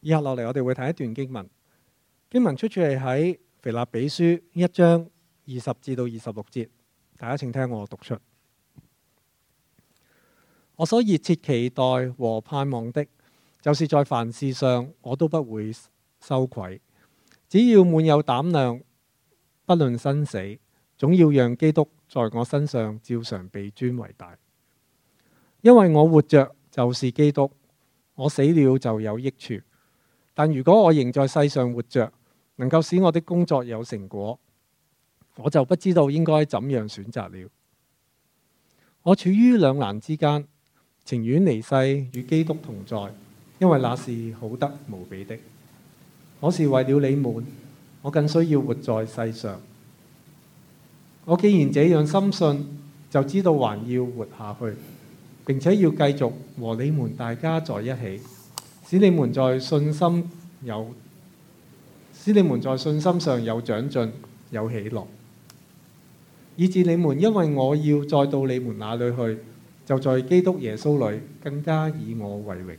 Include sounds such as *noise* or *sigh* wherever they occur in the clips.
以下落嚟，我哋會睇一段經文。經文出處係喺《腓立比書》一章二十至到二十六節。大家請聽我讀出。我所熱切期待和盼望的，就是在凡事上我都不會羞愧，只要滿有膽量，不論生死，總要讓基督在我身上照常被尊為大，因為我活着就是基督，我死了就有益處。但如果我仍在世上活着，能夠使我的工作有成果，我就不知道應該怎樣選擇了。我處於兩難之間，情願離世與基督同在，因為那是好得無比的。可是為了你們，我更需要活在世上。我既然這樣深信，就知道還要活下去，並且要繼續和你們大家在一起。使你們在信心有，使你們在信心上有長進、有喜樂，以至你們因為我要再到你們那裏去，就在基督耶穌裏更加以我為榮。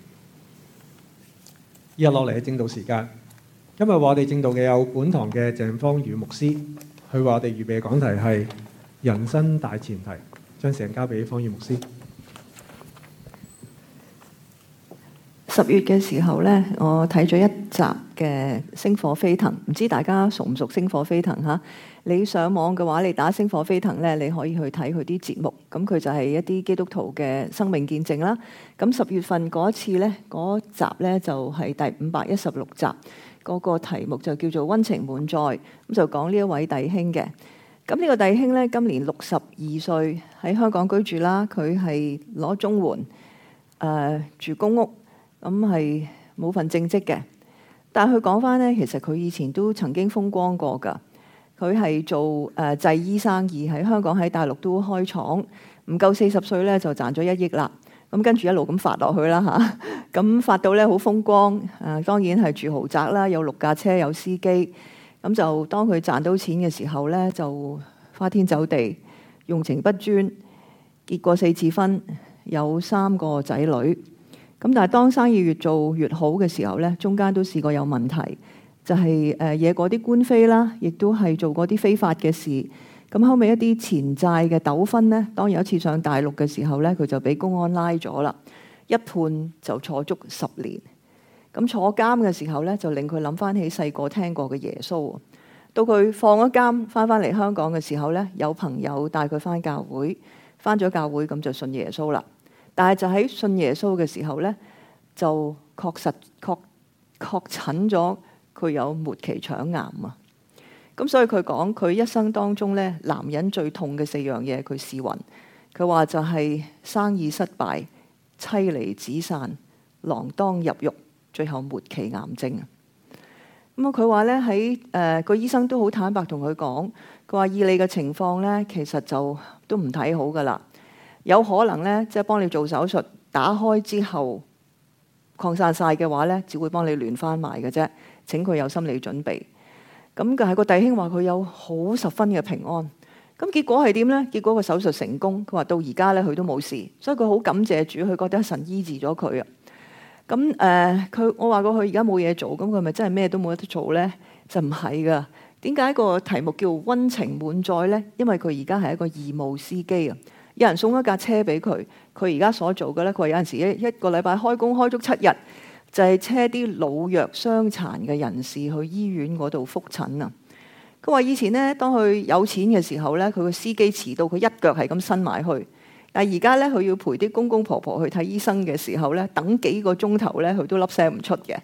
日落嚟嘅正道時間，今日話我哋正道嘅，有本堂嘅鄭方宇牧師，佢話我哋預備嘅講題係人生大前提，將成交俾方宇牧師。十月嘅時候呢，我睇咗一集嘅《星火飛騰》，唔知大家熟唔熟《星火飛騰》嚇？你上網嘅話，你打《星火飛騰》呢，你可以去睇佢啲節目。咁佢就係一啲基督徒嘅生命見證啦。咁十月份嗰次呢，嗰集呢，就係、是、第五百一十六集，個、那個題目就叫做《温情滿載》。咁就講呢一位弟兄嘅。咁呢個弟兄呢，今年六十二歲，喺香港居住啦。佢係攞綜援，誒、呃、住公屋。咁係冇份正職嘅，但係佢講翻呢，其實佢以前都曾經風光過噶。佢係做誒製衣生意，喺香港、喺大陸都開廠。唔夠四十歲呢就賺咗一億啦。咁跟住一路咁發落去啦嚇。咁發到呢，好風光，啊，當然係住豪宅啦，有六架車，有司機。咁就當佢賺到錢嘅時候呢，就花天酒地，用情不專，結過四次婚，有三個仔女。咁但係當生意越做越好嘅時候呢，中間都試過有問題，就係、是、誒惹過啲官非啦，亦都係做過啲非法嘅事。咁後尾一啲錢債嘅糾紛呢，當有一次上大陸嘅時候呢，佢就俾公安拉咗啦，一判就坐足十年。咁坐監嘅時候呢，就令佢諗翻起細個聽過嘅耶穌。到佢放咗監翻翻嚟香港嘅時候呢，有朋友帶佢翻教會，翻咗教會咁就信耶穌啦。但係就喺信耶穌嘅時候呢，就確實確確診咗佢有末期腸癌啊！咁、嗯、所以佢講佢一生當中呢，男人最痛嘅四樣嘢，佢試勻。佢話就係生意失敗、妻離子散、鋃鐺入獄，最後末期癌症啊！咁、嗯、啊，佢話呢，喺誒個醫生都好坦白同佢講，佢話以你嘅情況呢，其實就都唔睇好噶啦。有可能咧，即係幫你做手術，打開之後擴散晒嘅話咧，只會幫你亂返埋嘅啫。請佢有心理準備。咁但係個弟兄話佢有好十分嘅平安。咁結果係點咧？結果個手術成功，佢話到而家咧佢都冇事，所以佢好感謝主，佢覺得神醫治咗佢啊。咁佢、呃、我話過佢而家冇嘢做，咁佢咪真係咩都冇得做咧？就唔係㗎。點解個題目叫溫情滿載咧？因為佢而家係一個義務司機啊。有人送一架車俾佢，佢而家所做嘅呢，佢話有陣時一一個禮拜開工開足七日，就係車啲老弱傷殘嘅人士去醫院嗰度覆診啊。佢話以前呢，當佢有錢嘅時候呢，佢個司機遲到，佢一腳係咁伸埋去。但係而家呢，佢要陪啲公公婆婆去睇醫生嘅時候呢，等幾個鐘頭呢，佢都粒聲唔出嘅。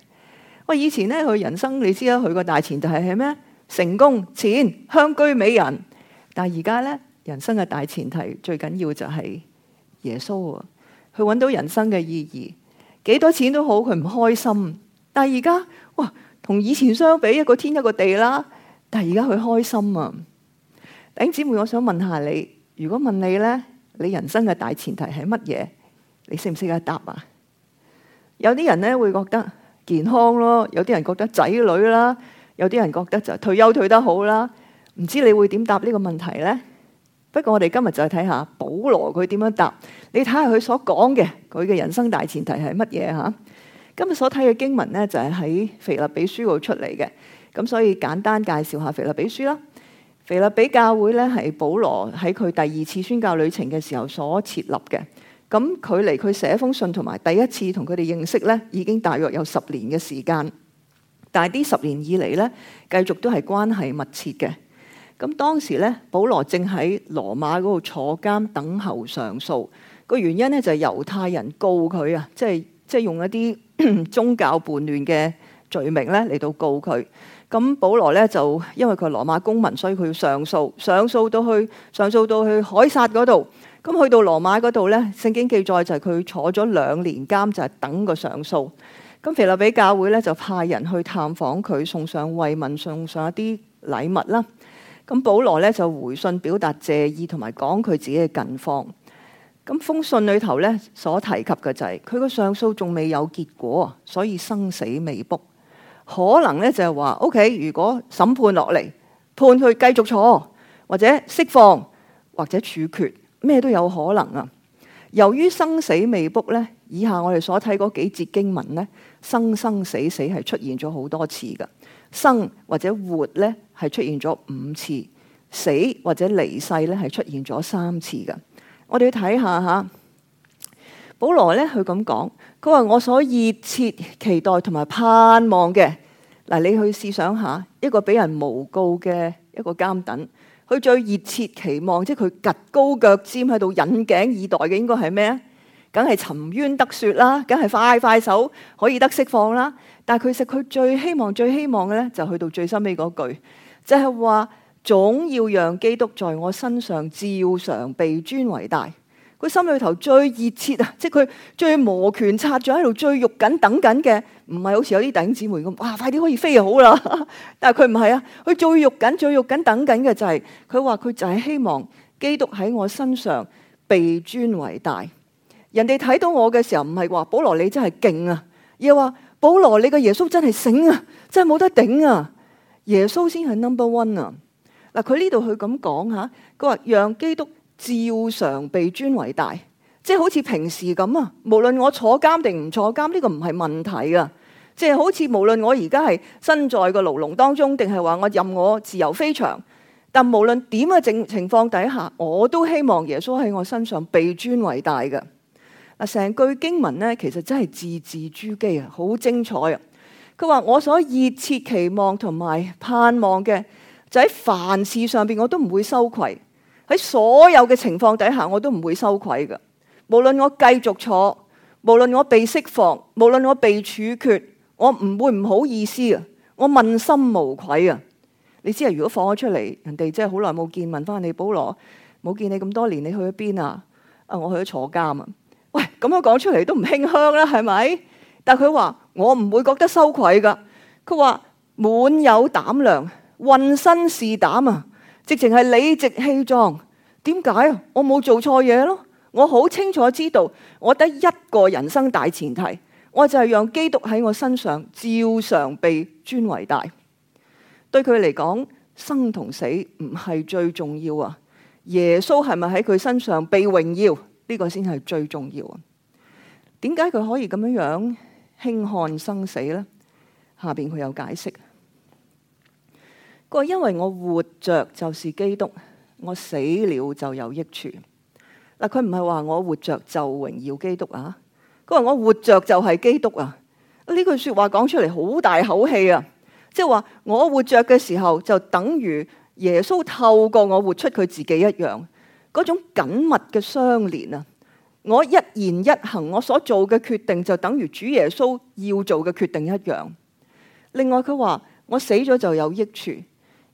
喂，以前呢，佢人生你知啦，佢個大前提係咩？成功、錢、香居美人。但係而家呢。人生嘅大前提最緊要就係耶穌啊，佢揾到人生嘅意義，幾多錢都好，佢唔開心。但係而家哇，同以前相比一個天一個地啦。但係而家佢開心啊，弟兄姊妹，我想問下你，如果問你呢，你人生嘅大前提係乜嘢？你識唔識得答啊？有啲人呢會覺得健康咯，有啲人覺得仔女啦，有啲人覺得就退休退得好啦。唔知你會點答呢個問題呢？不過我哋今日就睇下保羅佢點樣答你看看他。你睇下佢所講嘅，佢嘅人生大前提係乜嘢嚇？今日所睇嘅經文咧，就係喺腓立比書嗰度出嚟嘅。咁所以簡單介紹下腓立比書啦。腓立比教會咧，係保羅喺佢第二次宣教旅程嘅時候所設立嘅。咁距離佢寫封信同埋第一次同佢哋認識咧，已經大約有十年嘅時間。但係呢十年以嚟咧，繼續都係關係密切嘅。咁當時咧，保羅正喺羅馬嗰度坐監等候上訴。個原因咧就係、是、猶太人告佢啊，即係即係用一啲 *coughs* 宗教叛亂嘅罪名咧嚟到告佢。咁保羅咧就因為佢係羅馬公民，所以佢要上訴。上訴到去上訴到去凱撒嗰度。咁去到羅馬嗰度咧，聖經記載就係佢坐咗兩年監，就係、是、等個上訴。咁腓立比教會咧就派人去探訪佢，送上慰問，送上一啲禮物啦。咁保羅咧就回信表達謝意同埋講佢自己嘅近況。咁封信裏頭咧所提及嘅就係佢個上訴仲未有結果，所以生死未卜。可能咧就係話，OK，如果審判落嚟判佢繼續坐，或者釋放，或者處決，咩都有可能啊。由於生死未卜咧，以下我哋所睇嗰幾節經文咧，生生死死係出現咗好多次㗎。生或者活咧，係出現咗五次，死或者離世咧，係出現咗三次嘅。我哋要睇下嚇，保羅咧，佢咁講，佢話我所熱切期待同埋盼望嘅。嗱，你去試想一下一個俾人誣告嘅一個監等，佢最熱切期望，即係佢趷高腳尖喺度引頸以待嘅，應該係咩啊？梗係沉冤得雪啦，梗係快快手可以得釋放啦。但係佢食佢最希望、最希望嘅咧，就去到最深尾嗰句。就係話，總要讓基督在我身上照常被尊為大。佢心裏頭最熱切啊，即係佢最摩拳擦掌喺度，最肉緊等緊嘅，唔係好似有啲弟兄姊妹咁，哇，快啲可以飛就好啦。 *laughs* 但係佢唔係啊，佢最肉緊、最肉緊等緊嘅就係，佢話佢就係希望基督喺我身上被尊為大。人哋睇到我嘅時候，唔係話保羅你真係勁啊，而係話保羅你個耶穌真係醒啊，真係冇得頂啊。耶穌先係 number one 啊！嗱，佢呢度佢咁講吓，佢話讓基督照常被尊為大，即係好似平時咁啊。無論我坐監定唔坐監，呢個唔係問題噶。即係好似無論我而家係身在個牢籠當中，定係話我任我自由飛翔。但無論點嘅情情況底下，我都希望耶穌喺我身上被尊為大嘅。嗱，成句經文咧，其實真係字字珠璣啊，好精彩啊！佢話：我所熱切期望同埋盼望嘅，就喺凡事上邊我都唔會羞愧。喺所有嘅情況底下，我都唔會羞愧嘅。無論我繼續坐，無論我被釋放，無論我被處決，我唔會唔好意思啊！我問心無愧啊！你知啊，如果放咗出嚟，人哋真係好耐冇見，問翻你寶，保羅冇見你咁多年，你去咗邊啊？啊，我去咗坐監啊！喂，咁樣講出嚟都唔馨香啦，係咪？但係佢話。我唔會覺得羞愧噶。佢話滿有膽量，渾身是膽啊！直情係理直氣壯。點解啊？我冇做錯嘢咯。我好清楚知道，我得一個人生大前提，我就係讓基督喺我身上照常被尊為大。對佢嚟講，生同死唔係最重要啊。耶穌係咪喺佢身上被榮耀？呢個先係最重要啊。點解佢可以咁樣樣？輕看生死咧，下邊佢有解釋。佢話，因為我活着就是基督，我死了就有益處。嗱，佢唔係話我活着就榮耀基督啊，佢話我活着就係基督啊。呢句話說話講出嚟好大口氣啊，即係話我活着嘅時候就等於耶穌透過我活出佢自己一樣，嗰種緊密嘅相連啊。我一言一行，我所做嘅決定就等於主耶穌要做嘅決定一樣。另外佢話我死咗就有益處，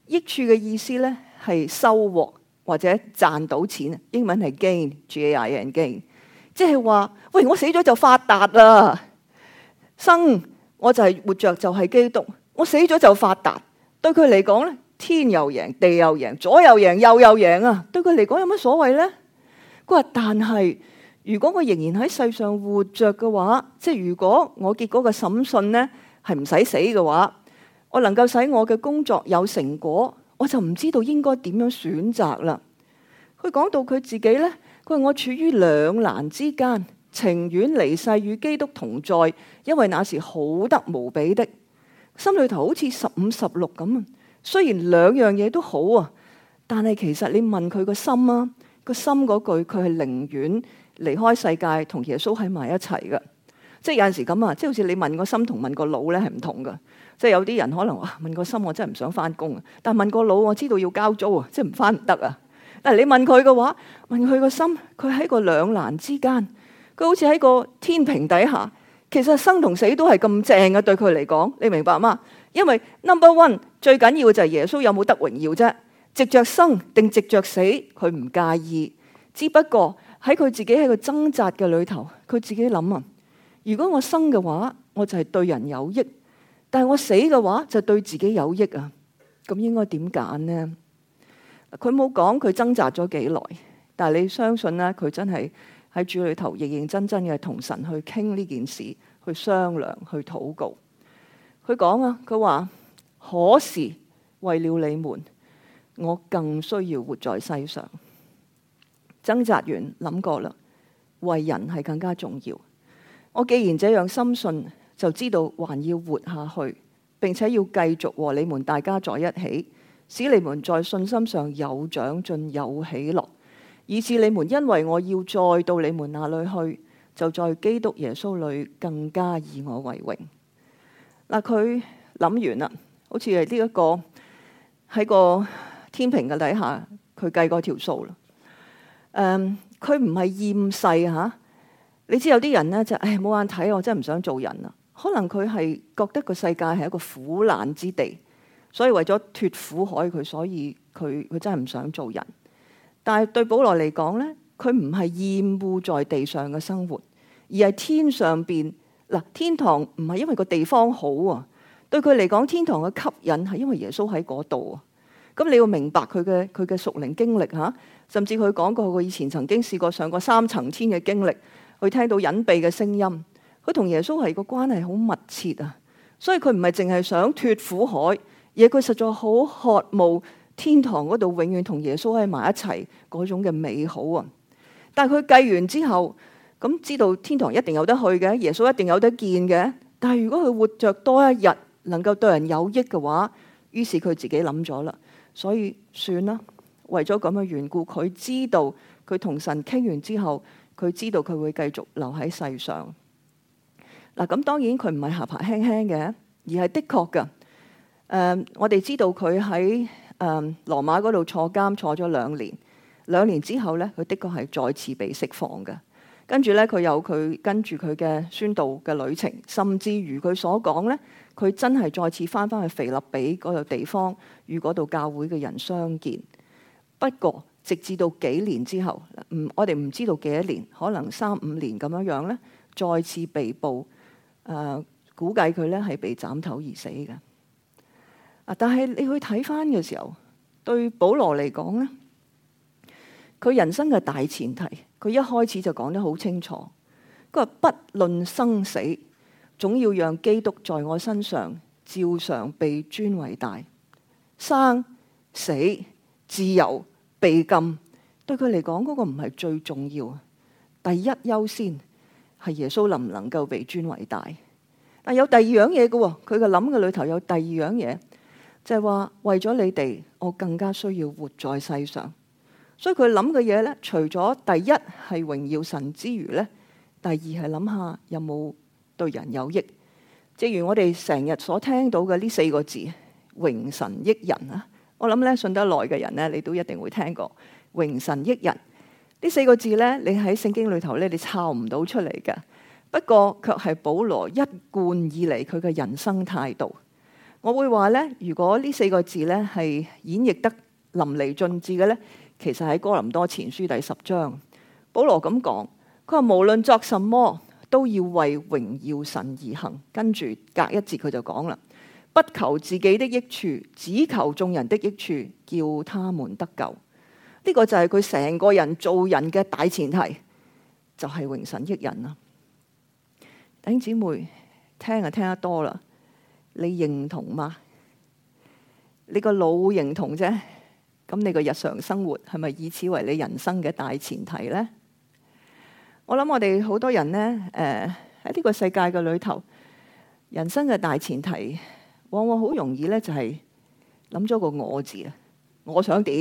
益處嘅意思呢係收穫或者賺到錢。英文係 gain，gain gain 即係話喂，我死咗就發達啦。生我就係活着就係基督，我死咗就發達。對佢嚟講咧，天又贏，地又贏，左右贏，右又贏啊！對佢嚟講有乜所謂呢？佢話但係。如果我仍然喺世上活着嘅話，即係如果我結果嘅審訊呢，係唔使死嘅話，我能夠使我嘅工作有成果，我就唔知道應該點樣選擇啦。佢講到佢自己呢，佢話我處於兩難之間，情願離世與基督同在，因為那時好得無比的。心裏頭好似十五十六咁啊。雖然兩樣嘢都好啊，但係其實你問佢個心啊，個心嗰句佢係寧願。離開世界同耶穌喺埋一齊噶，即係有陣時咁啊，即係好似你問個心同問個腦咧，係唔同噶，即係有啲人可能話問個心，我真係唔想翻工啊，但係問個腦，我知道要交租啊，即係唔翻唔得啊。但係你問佢嘅話，問佢個心，佢喺個兩難之間，佢好似喺個天平底下，其實生同死都係咁正嘅，對佢嚟講，你明白嗎？因為 number one 最緊要嘅就係耶穌有冇得榮耀啫，直着生定直着死，佢唔介意，只不過。喺佢自己喺個掙扎嘅裏頭，佢自己諗啊：如果我生嘅話，我就係對人有益；但係我死嘅話，就對自己有益啊！咁應該點揀呢？佢冇講佢掙扎咗幾耐，但係你相信呢？佢真係喺主裏頭認認真真嘅同神去傾呢件事，去商量，去禱告。佢講啊，佢話：可是為了你們，我更需要活在世上。掙扎完諗過啦，為人係更加重要。我既然這樣深信，就知道還要活下去，並且要繼續和你們大家在一起，使你們在信心上有長進，有喜樂，以至你們因為我要再到你們那裏去，就在基督耶穌裏更加以我為榮。嗱，佢諗完啦，好似係呢一個喺個天平嘅底下，佢計過一條數啦。誒、嗯，佢唔係厭世吓，啊，你知有啲人咧，就誒、是、冇眼睇，我真係唔想做人啦。可能佢係覺得個世界係一個苦難之地，所以為咗脱苦海，佢所以佢佢真係唔想做人。但係對保羅嚟講咧，佢唔係厭惡在地上嘅生活，而係天上邊，嗱，天堂唔係因為個地方好啊，對佢嚟講天堂嘅吸引係因為耶穌喺嗰度啊。咁你要明白佢嘅佢嘅屬靈經歷吓。啊甚至佢講過佢以前曾經試過上過三層天嘅經歷，佢聽到隱蔽嘅聲音，佢同耶穌係個關係好密切啊！所以佢唔係淨係想脫苦海，而佢實在好渴望天堂嗰度永遠同耶穌喺埋一齊嗰種嘅美好啊！但係佢計完之後，咁知道天堂一定有得去嘅，耶穌一定有得見嘅。但係如果佢活着多一日能夠對人有益嘅話，於是佢自己諗咗啦，所以算啦。為咗咁嘅緣故，佢知道佢同神傾完之後，佢知道佢會繼續留喺世上嗱。咁當然佢唔係下巴輕輕嘅，而係的確嘅。誒、嗯，我哋知道佢喺誒羅馬嗰度坐監坐咗兩年，兩年之後咧，佢的確係再次被釋放嘅。着呢他他跟住咧，佢有佢跟住佢嘅宣道嘅旅程，甚至如佢所講咧，佢真係再次翻翻去腓立比嗰度地方與嗰度教會嘅人相見。不過直至到幾年之後，唔，我哋唔知道幾多年，可能三五年咁樣樣咧，再次被捕。誒、呃，估計佢咧係被斬頭而死嘅。但係你去睇翻嘅時候，對保羅嚟講咧，佢人生嘅大前提，佢一開始就講得好清楚，佢話不論生死，總要讓基督在我身上照常被尊為大，生死自由。被禁對佢嚟講嗰個唔係最重要，第一優先係耶穌能唔能夠被尊為大。但有第二樣嘢嘅，佢嘅諗嘅裏頭有第二樣嘢，就係話為咗你哋，我更加需要活在世上。所以佢諗嘅嘢呢，除咗第一係榮耀神之餘呢，第二係諗下有冇對人有益。正如我哋成日所聽到嘅呢四個字：榮神益人啊。我諗咧信得耐嘅人咧，你都一定會聽過榮神益人呢四個字咧。你喺聖經裏頭咧，你抄唔到出嚟嘅。不過卻係保羅一貫以嚟佢嘅人生態度。我會話咧，如果呢四個字咧係演繹得淋漓盡致嘅咧，其實喺哥林多前書第十章，保羅咁講，佢話無論作什麼，都要為榮耀神而行。跟住隔一節，佢就講啦。不求自己的益處，只求眾人的益處，叫他們得救。呢、這個就係佢成個人做人嘅大前提，就係、是、榮神益人啊，弟兄姊妹，聽啊聽得多啦，你認同嗎？你個腦認同啫，咁你個日常生活係咪以此為你人生嘅大前提呢？我諗我哋好多人呢，誒喺呢個世界嘅裏頭，人生嘅大前提。往往好容易咧，就係諗咗個我字啊！我想點？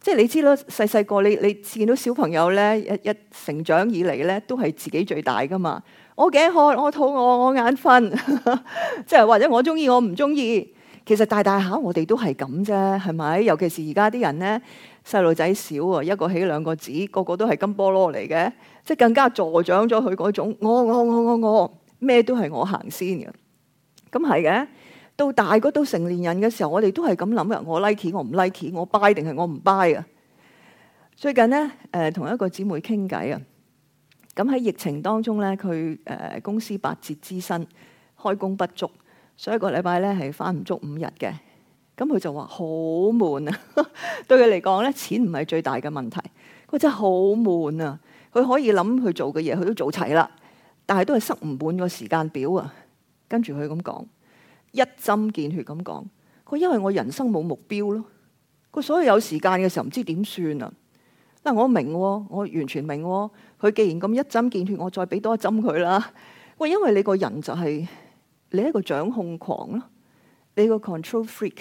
即係你知啦，細細個你你見到小朋友咧，一一成長以嚟咧，都係自己最大噶嘛！我頸渴，我肚餓，我眼瞓， *laughs* 即係或者我中意，我唔中意。其實大大下我哋都係咁啫，係咪？尤其是而家啲人咧，細路仔少啊，一個起兩個字，個個都係金菠蘿嚟嘅，即係更加助長咗佢嗰種我我我我我咩都係我行先嘅。咁係嘅。到大個到成年人嘅時候，我哋都係咁諗嘅。我 like，我唔 like 我 buy 定係我唔 buy 啊！最近呢，誒、呃，同一個姊妹傾偈啊，咁喺疫情當中呢，佢誒、呃、公司八折支薪，開工不足，所以一個禮拜呢係翻唔足五日嘅。咁佢就話好悶啊！對佢嚟講呢，錢唔係最大嘅問題，佢真係好悶啊！佢可以諗佢做嘅嘢，佢都做齊啦，但係都係塞唔滿個時間表啊！跟住佢咁講。一針見血咁講，佢因為我人生冇目標咯，佢所以有時間嘅時候唔知點算啊！嗱，我明，我完全明。佢既然咁一針見血，我再俾多一針佢啦。喂，因為你個人就係你一個掌控狂咯，你個 control freak，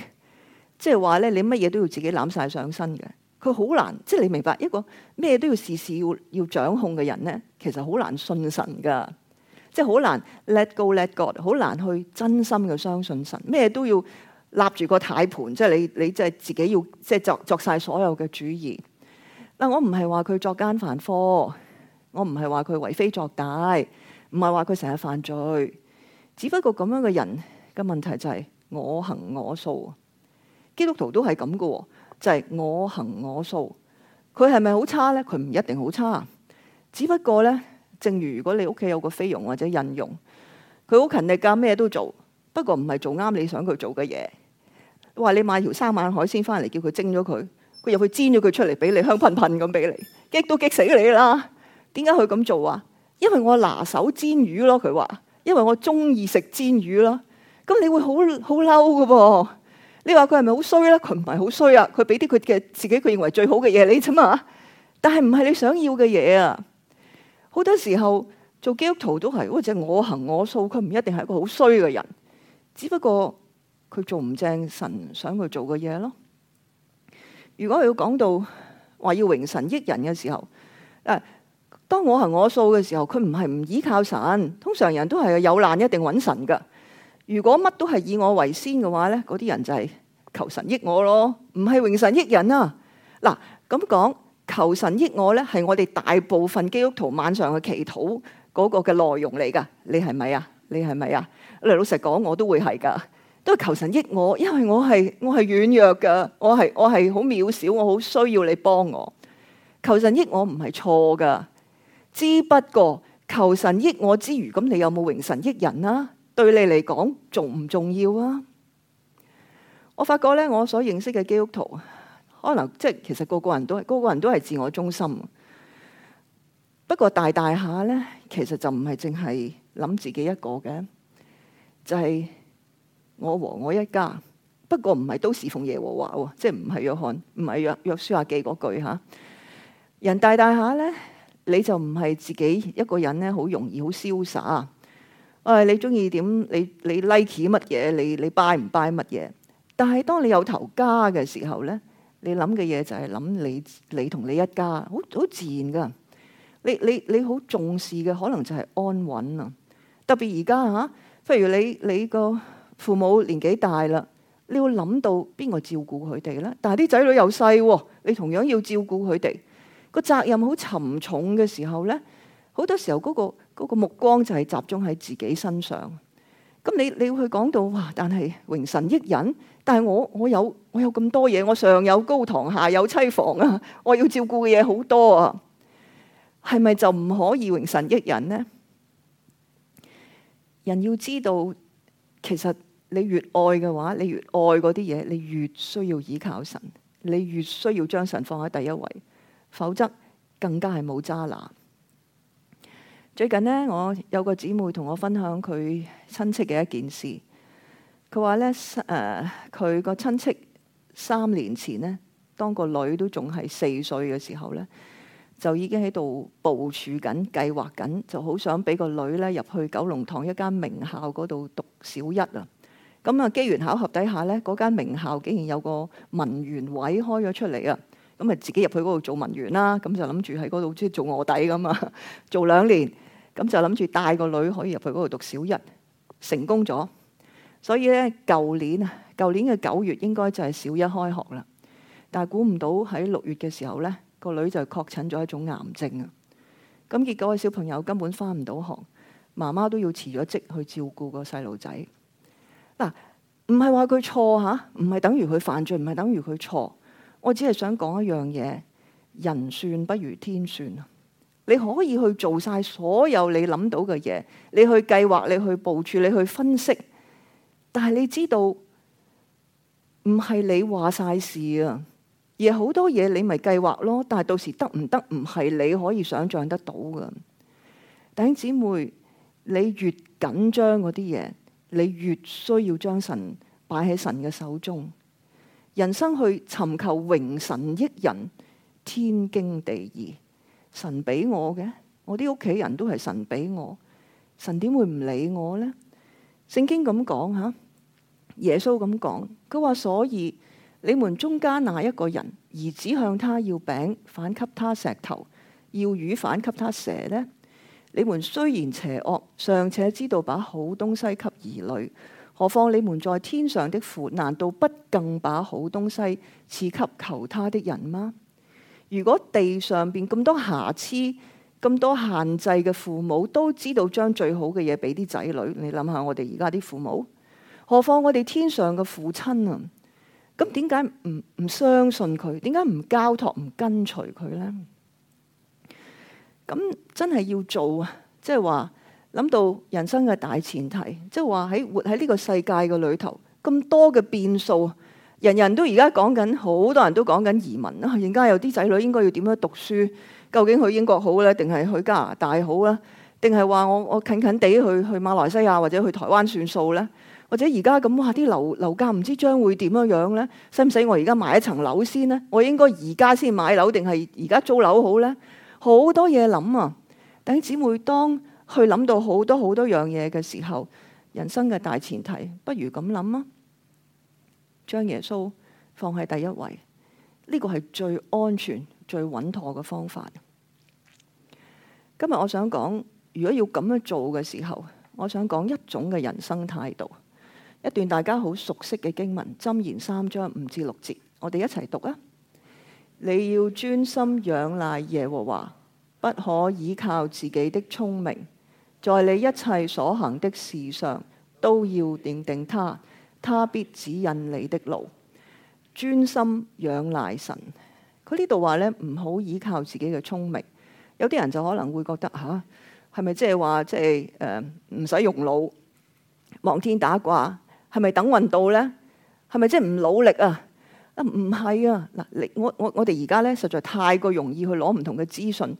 即係話咧，你乜嘢都要自己攬晒上身嘅。佢好難，即係你明白一個咩都要事事要要掌控嘅人咧，其實好難信神噶。即係好難 let go let God 好難去真心嘅相信神，咩都要立住個太盤，即係你你即係自己要即係作作曬所有嘅主意。嗱，我唔係話佢作奸犯科，我唔係話佢為非作歹，唔係話佢成日犯罪。只不過咁樣嘅人嘅問題就係我行我素。基督徒都係咁噶，就係、是、我行我素。佢係咪好差呢？佢唔一定好差，只不過呢。正如如果你屋企有個菲傭或者印傭，佢好勤力噶，咩都做。不過唔係做啱你想佢做嘅嘢。話你買條生猛海鮮翻嚟，叫佢蒸咗佢，佢又去煎咗佢出嚟俾你，你，香噴噴咁俾你，激都激死你啦！點解佢咁做啊？因為我拿手煎魚咯，佢話因為我中意食煎魚咯。咁你會好好嬲噶噃？你話佢係咪好衰咧？佢唔係好衰啊，佢俾啲佢嘅自己佢認為最好嘅嘢你啫嘛。但係唔係你想要嘅嘢啊。好多時候做基督徒都係，或者我行我素，佢唔一定係一個好衰嘅人，只不過佢做唔正神想佢做嘅嘢咯。如果要講到話要榮神益人嘅時候，誒、啊，當我行我素嘅時候，佢唔係唔依靠神。通常人都係有難一定揾神噶。如果乜都係以我為先嘅話咧，嗰啲人就係求神益我咯，唔係榮神益人啊！嗱，咁講。求神益我咧，係我哋大部分基督徒晚上嘅祈禱嗰個嘅內容嚟噶。你係咪啊？你係咪啊？你老實講，我都會係噶，都係求神益我，因為我係我係軟弱噶，我係我係好渺小，我好需要你幫我。求神益我唔係錯噶，之不過求神益我之餘，咁你有冇榮神益人啊？對你嚟講重唔重要啊？我發覺咧，我所認識嘅基督徒。可能即係，其實個個人都個個人都係自我中心。不過大大下呢，其實就唔係淨係諗自己一個嘅，就係、是、我和我一家。不過唔係都侍奉耶和華喎，即係唔係約翰，唔係約約書亞記嗰句嚇、啊、人大大下呢，你就唔係自己一個人呢，好容易好瀟灑。喂、哎，你中意點？你你 like 乜嘢？你你拜唔拜乜嘢？但係當你有頭家嘅時候呢。你諗嘅嘢就係諗你你同你一家，好好自然噶。你你你好重視嘅可能就係安穩啊。特別而家嚇，譬如你你個父母年紀大啦，你要諗到邊個照顧佢哋咧？但係啲仔女又細喎，你同樣要照顧佢哋。個責任好沉重嘅時候咧，好多時候嗰個嗰個目光就係集中喺自己身上。咁你你要去講到哇？但係榮神益人，但係我我有我有咁多嘢，我上有高堂，下有妻房啊，我要照顧嘅嘢好多啊，係咪就唔可以榮神益人呢？人要知道，其實你越愛嘅話，你越愛嗰啲嘢，你越需要依靠神，你越需要將神放喺第一位，否則更加係冇揸拿。最近呢，我有個姊妹同我分享佢親戚嘅一件事。佢話呢，誒佢個親戚三年前呢，當個女都仲係四歲嘅時候呢，就已經喺度部署緊、計劃緊，就好想俾個女呢入去九龍塘一間名校嗰度讀小一啊。咁啊，機緣巧合底下呢，嗰間名校竟然有個文員位開咗出嚟啊。咁啊，自己入去嗰度做文員啦。咁就諗住喺嗰度即係做卧底咁啊，做兩年。咁就諗住帶個女可以入去嗰度讀小一，成功咗。所以咧，舊年啊，舊年嘅九月應該就係小一開學啦。但估唔到喺六月嘅時候呢，個女就確診咗一種癌症啊。咁結果個小朋友根本翻唔到學，媽媽都要辭咗職去照顧個細路仔。嗱、啊，唔係話佢錯吓，唔、啊、係等於佢犯罪，唔係等於佢錯。我只係想講一樣嘢：人算不如天算。你可以去做晒所有你諗到嘅嘢，你去計劃，你去部署，你去分析。但係你知道，唔係你話晒事啊，而好多嘢你咪計劃咯。但係到時得唔得，唔係你可以想象得到㗎。弟兄姊妹，你越緊張嗰啲嘢，你越需要將神擺喺神嘅手中。人生去尋求榮神益人，天經地義。神俾我嘅，我啲屋企人都係神俾我。神點會唔理我呢？聖經咁講吓，耶穌咁講，佢話，所以你們中間那一個人兒子向他要餅，反給他石頭；要魚，反給他蛇呢？你們雖然邪惡，尚且知道把好東西給兒女，何況你們在天上的父，難道不更把好東西賜給求他的人嗎？如果地上邊咁多瑕疵、咁多限制嘅父母都知道將最好嘅嘢俾啲仔女，你諗下我哋而家啲父母，何況我哋天上嘅父親啊？咁點解唔唔相信佢？點解唔交託、唔跟隨佢咧？咁真係要做啊！即係話諗到人生嘅大前提，即係話喺活喺呢個世界嘅裏頭，咁多嘅變數。人人都而家講緊，好多人都講緊移民啦。而家有啲仔女應該要點樣讀書？究竟去英國好咧，定係去加拿大好咧？定係話我我近近地去去馬來西亞或者去台灣算數咧？或者而家咁哇，啲樓樓價唔知將會點樣樣咧？使唔使我而家買一層樓先呢？我應該而家先買樓定係而家租樓好咧？好多嘢諗啊！弟兄姊妹，當去諗到好多好多樣嘢嘅時候，人生嘅大前提，不如咁諗啊！將耶穌放喺第一位，呢個係最安全、最穩妥嘅方法。今日我想講，如果要咁樣做嘅時候，我想講一種嘅人生態度，一段大家好熟悉嘅經文，箴言三章五至六節，我哋一齊讀啊！你要專心仰賴耶和華，不可倚靠自己的聰明，在你一切所行的事上都要認定他。他必指引你的路，專心仰賴神。佢呢度話咧，唔好依靠自己嘅聰明。有啲人就可能會覺得吓，係咪即係話即係誒唔使用腦，望天打卦，係咪等運到咧？係咪即係唔努力啊？啊唔係啊！嗱，你我我我哋而家咧實在太過容易去攞唔同嘅資訊，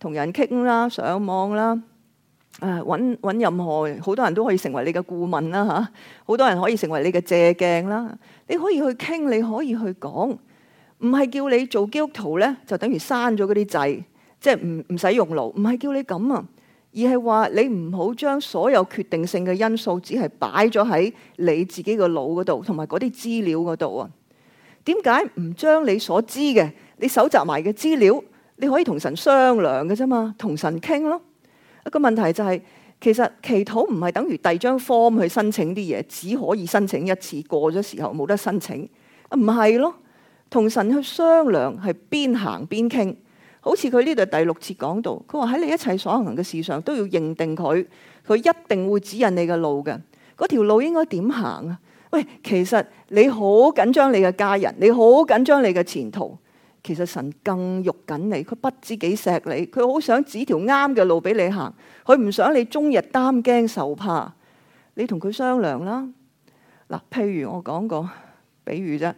同人傾啦，上網啦。誒，揾、揾任何好多人都可以成為你嘅顧問啦嚇，好多人可以成為你嘅借鏡啦。你可以去傾，你可以去講，唔係叫你做基督徒咧，就等於刪咗嗰啲掣，即係唔，唔使用腦。唔係叫你咁啊，而係話你唔好將所有決定性嘅因素只係擺咗喺你自己個腦嗰度，同埋嗰啲資料嗰度啊。點解唔將你所知嘅你搜集埋嘅資料，你可以同神商量嘅啫嘛，同神傾咯。一個問題就係，是，其實祈禱唔係等於遞張 form 去申請啲嘢，只可以申請一次，過咗時候冇得申請。唔係咯，同神去商量係邊行邊傾，好似佢呢度第六節講到，佢話喺你一切所行嘅事上都要認定佢，佢一定會指引你嘅路嘅。嗰條路應該點行啊？喂，其實你好緊張你嘅家人，你好緊張你嘅前途。其實神更肉緊你，佢不知幾錫你，佢好想指條啱嘅路俾你行，佢唔想你終日擔驚受怕。你同佢商量啦。嗱，譬如我講個比喻啫，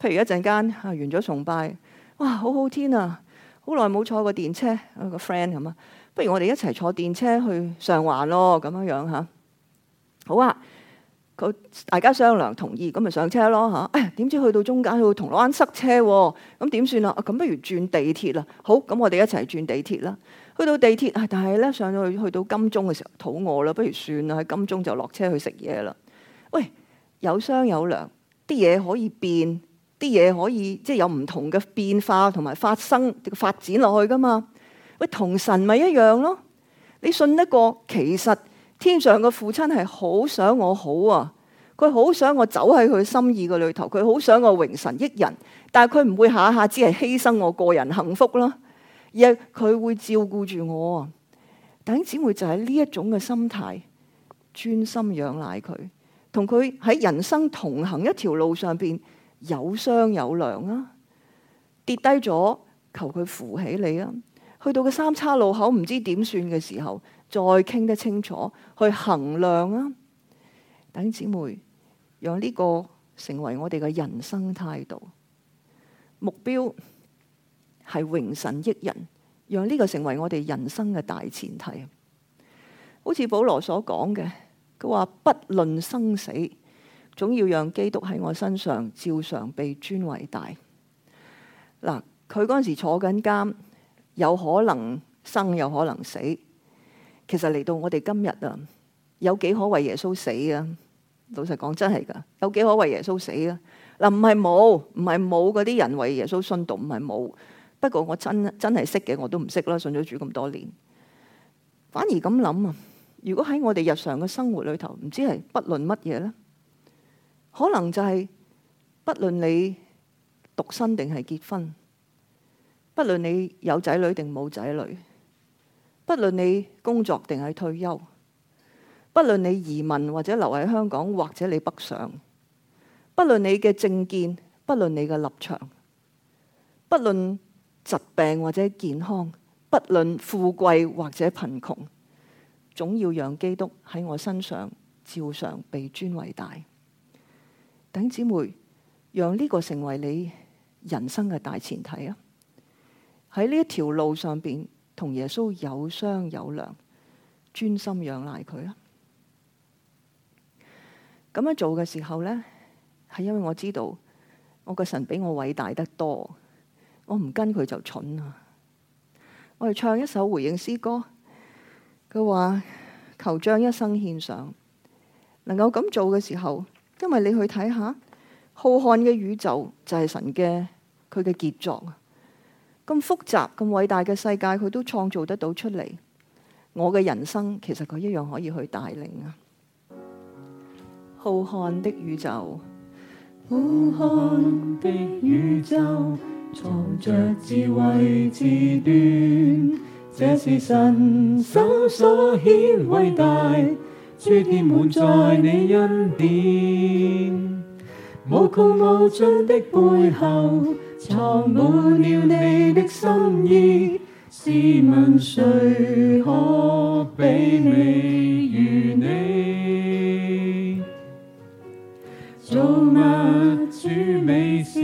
譬如一陣間啊完咗崇拜，哇，好好天啊，好耐冇坐過電車，有個 friend 咁啊，不如我哋一齊坐電車去上環咯，咁樣樣吓。好啊。佢大家商量，同意咁咪上車咯，嚇，誒，點知去到中間，去到銅鑼灣塞車，咁點算啊？咁不如轉地鐵啦。好，咁我哋一齊轉地鐵啦。去到地鐵啊，但係咧，上到去，去到金鐘嘅時候肚餓啦，不如算啦，喺金鐘就落車去食嘢啦。喂，有商有量，啲嘢可以變，啲嘢可以即係有唔同嘅變化同埋發生發展落去噶嘛？喂，同神咪一樣咯。你信得過，其實。天上嘅父親係好想我好啊，佢好想我走喺佢心意嘅裏頭，佢好想我榮神益人，但係佢唔會下下只係犧牲我個人幸福啦，而係佢會照顧住我。啊，弟兄姊妹就喺呢一種嘅心態，專心養賴佢，同佢喺人生同行一條路上面有商有量啊，跌了，跌低咗，求佢扶起你啊！去到個三叉路口，唔知點算嘅時候，再傾得清楚，去衡量啊。等姊妹，讓呢個成為我哋嘅人生態度，目標係榮神益人，讓呢個成為我哋人生嘅大前提。好似保羅所講嘅，佢話不論生死，總要讓基督喺我身上照常被尊為大。嗱，佢嗰陣時在坐緊監。有可能生，有可能死。其實嚟到我哋今日啊，有幾可為耶穌死啊？老實講，真係噶，有幾可為耶穌死啊？嗱，唔係冇，唔係冇嗰啲人為耶穌殉道，唔係冇。不過我真真係識嘅，我都唔識啦。信咗主咁多年，反而咁諗啊！如果喺我哋日常嘅生活裏頭，唔知係不論乜嘢呢，可能就係不論你獨身定係結婚。不論你有仔女定冇仔女，不論你工作定係退休，不論你移民或者留喺香港，或者你北上，不論你嘅政見，不論你嘅立場，不論疾病或者健康，不論富貴或者貧窮，總要讓基督喺我身上照常被尊為大。頂姊妹，讓呢個成為你人生嘅大前提啊！喺呢一條路上邊，同耶穌有商有量，專心仰賴佢啊！咁樣做嘅時候呢，係因為我知道我個神比我偉大得多，我唔跟佢就蠢啊！我哋唱一首回應詩歌，佢話求將一生獻上，能夠咁做嘅時候，因為你去睇下浩瀚嘅宇宙就係神嘅佢嘅傑作。咁複雜、咁偉大嘅世界，佢都創造得到出嚟。我嘅人生，其實佢一樣可以去帶領啊！浩瀚的宇宙，浩瀚的宇宙，藏着智慧自端，這是神手所顯偉大，諸天門在你恩典，無窮無盡的背後。藏滿了你的心意，試問誰可比美如你？造物主美善，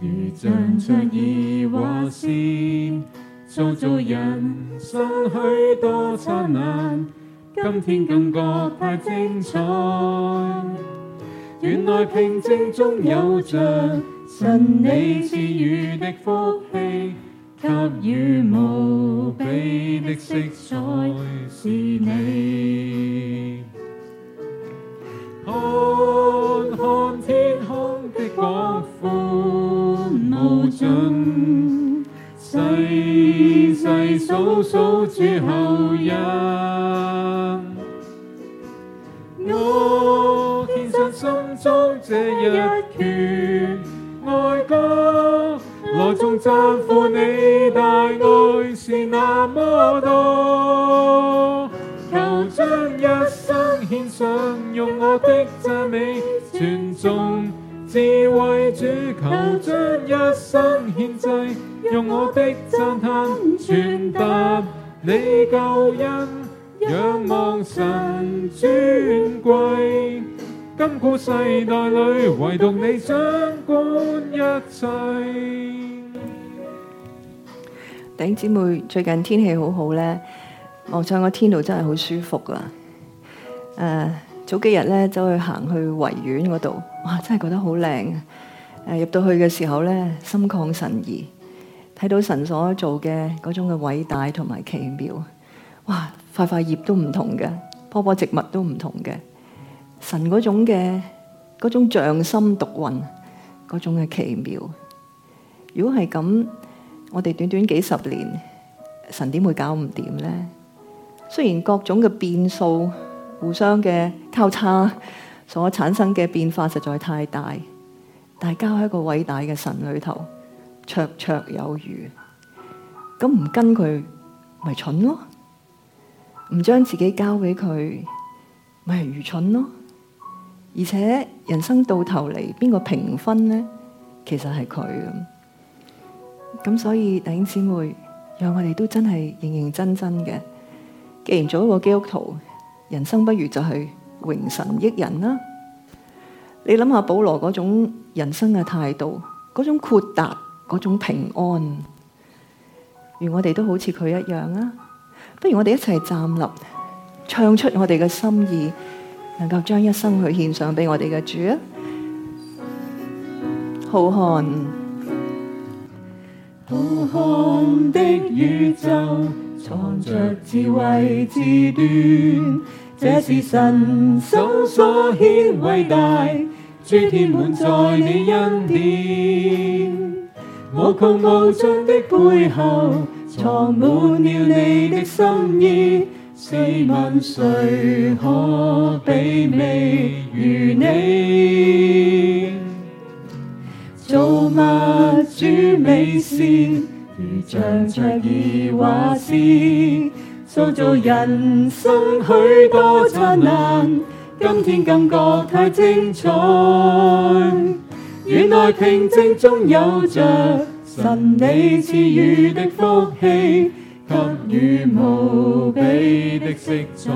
如像像而話善，造造人生許多燦爛，今天感覺太精彩。原來平靜中有着。神，你賜予的福氣，給予無比的色彩，是你。看看天空的廣闊無盡，細細數數，最後一。讚負你大愛是那麼多，求將一生獻上，用我的讚美傳頌，智慧主。求將一生獻上，用我的讚嘆傳達你救恩，仰望神尊貴，今古世代裏，唯獨你掌管一切。弟兄姐妹最近天氣好好咧，望上個天度真係好舒服啊！誒、uh，早幾日咧走去行去維園嗰度，哇！真係覺得好靚誒，入、uh, 到去嘅時候咧，心曠神怡，睇到神所做嘅嗰種嘅偉大同埋奇妙，哇！塊塊葉都唔同嘅，棵棵植物都唔同嘅，神嗰種嘅嗰種匠心獨運，嗰種嘅奇妙。如果係咁。我哋短短幾十年，神點會搞唔掂呢？雖然各種嘅變數、互相嘅交叉所產生嘅變化實在太大，但係交喺個偉大嘅神裏頭綽綽有餘。咁唔跟佢咪、就是、蠢咯？唔將自己交俾佢咪係愚蠢咯？而且人生到頭嚟，邊個評分呢？其實係佢。咁所以弟兄姊妹，讓我哋都真係認認真真嘅。既然做一個基督徒，人生不如就係榮神益人啦。你諗下保羅嗰種人生嘅態度，嗰種豁達，嗰種平安，如我哋都好似佢一樣啊！不如我哋一齊站立，唱出我哋嘅心意，能夠將一生去獻上俾我哋嘅主啊！好漢。浩瀚的宇宙，藏着智慧自端，這是神手所顯偉大，諸天滿在你恩典。無窮無盡的背後，藏滿了你的心意，試問誰可比美如你？造物主美善，如像卓意畫線，塑造人生許多燦爛。今天感覺太精彩，原來平靜中有着神你賜予的福氣，給予無比的色彩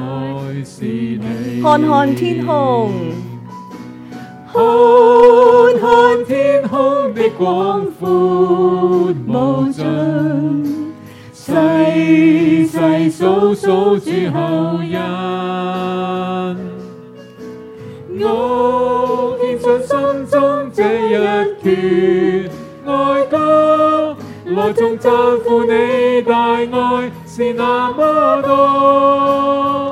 是你。看看天空。看看天空的廣闊無盡，世世數數子後人，我獻上心中這一段愛歌，我眾讚頌你大愛是那麼多。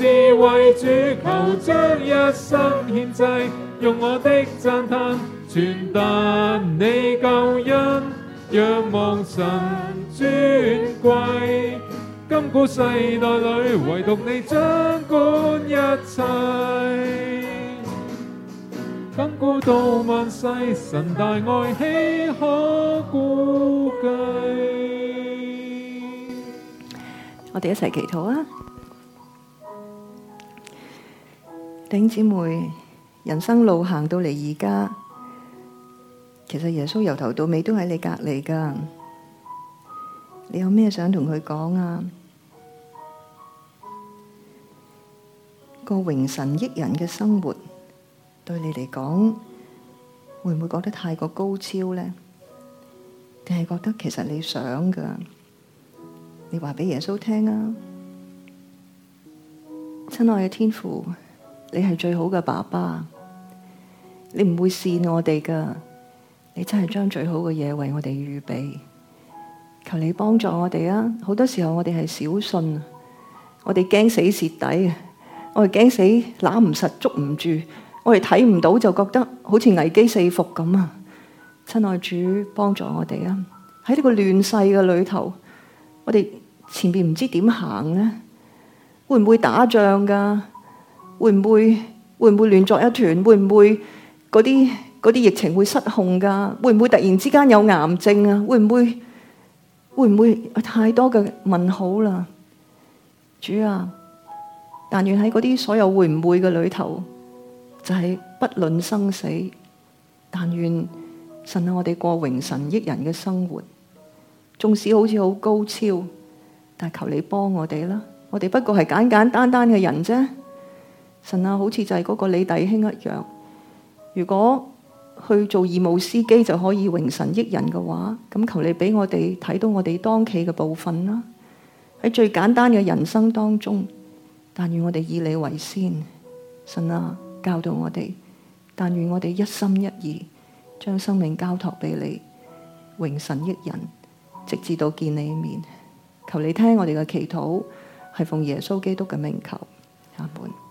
是為主求，求，將一生獻祭，用我的讚嘆傳達你救恩，仰望神尊貴。今古世代裏，唯獨你掌管一切，堅固到萬世，神大愛豈可估計？我哋一齊祈禱啊！頂姐妹，人生路行到嚟而家，其實耶穌由頭到尾都喺你隔籬噶。你有咩想同佢講啊？個榮神益人嘅生活，對你嚟講，會唔會覺得太過高超咧？定係覺得其實你想噶？你話畀耶穌聽啊！親愛嘅天父。你係最好嘅爸爸，你唔會善我哋噶，你真係將最好嘅嘢為我哋預備。求你幫助我哋啊！好多時候我哋係小信，我哋驚死蝕底，我哋驚死攬唔實捉唔住，我哋睇唔到就覺得好似危機四伏咁啊！親愛主幫助我哋啊！喺呢個亂世嘅裏頭，我哋前邊唔知點行呢？會唔會打仗噶？會唔會，會唔會亂作一團？會唔會嗰啲嗰啲疫情會失控㗎？會唔會突然之間有癌症啊？會唔會，會唔會太多嘅問號啦？主啊！但願喺嗰啲所有會唔會嘅裏頭，就係不論生死，但願神令我哋過榮神益人嘅生活。縱使好似好高超，但求你幫我哋啦。我哋不過係簡簡單單嘅人啫。神啊，好似就係嗰個李弟兄一樣。如果去做義務司機就可以榮神益人嘅話，咁求你俾我哋睇到我哋當期嘅部分啦。喺最簡單嘅人生當中，但願我哋以你為先，神啊，教導我哋。但願我哋一心一意將生命交託俾你，榮神益人，直至到見你面。求你聽我哋嘅祈禱，係奉耶穌基督嘅名求。阿門。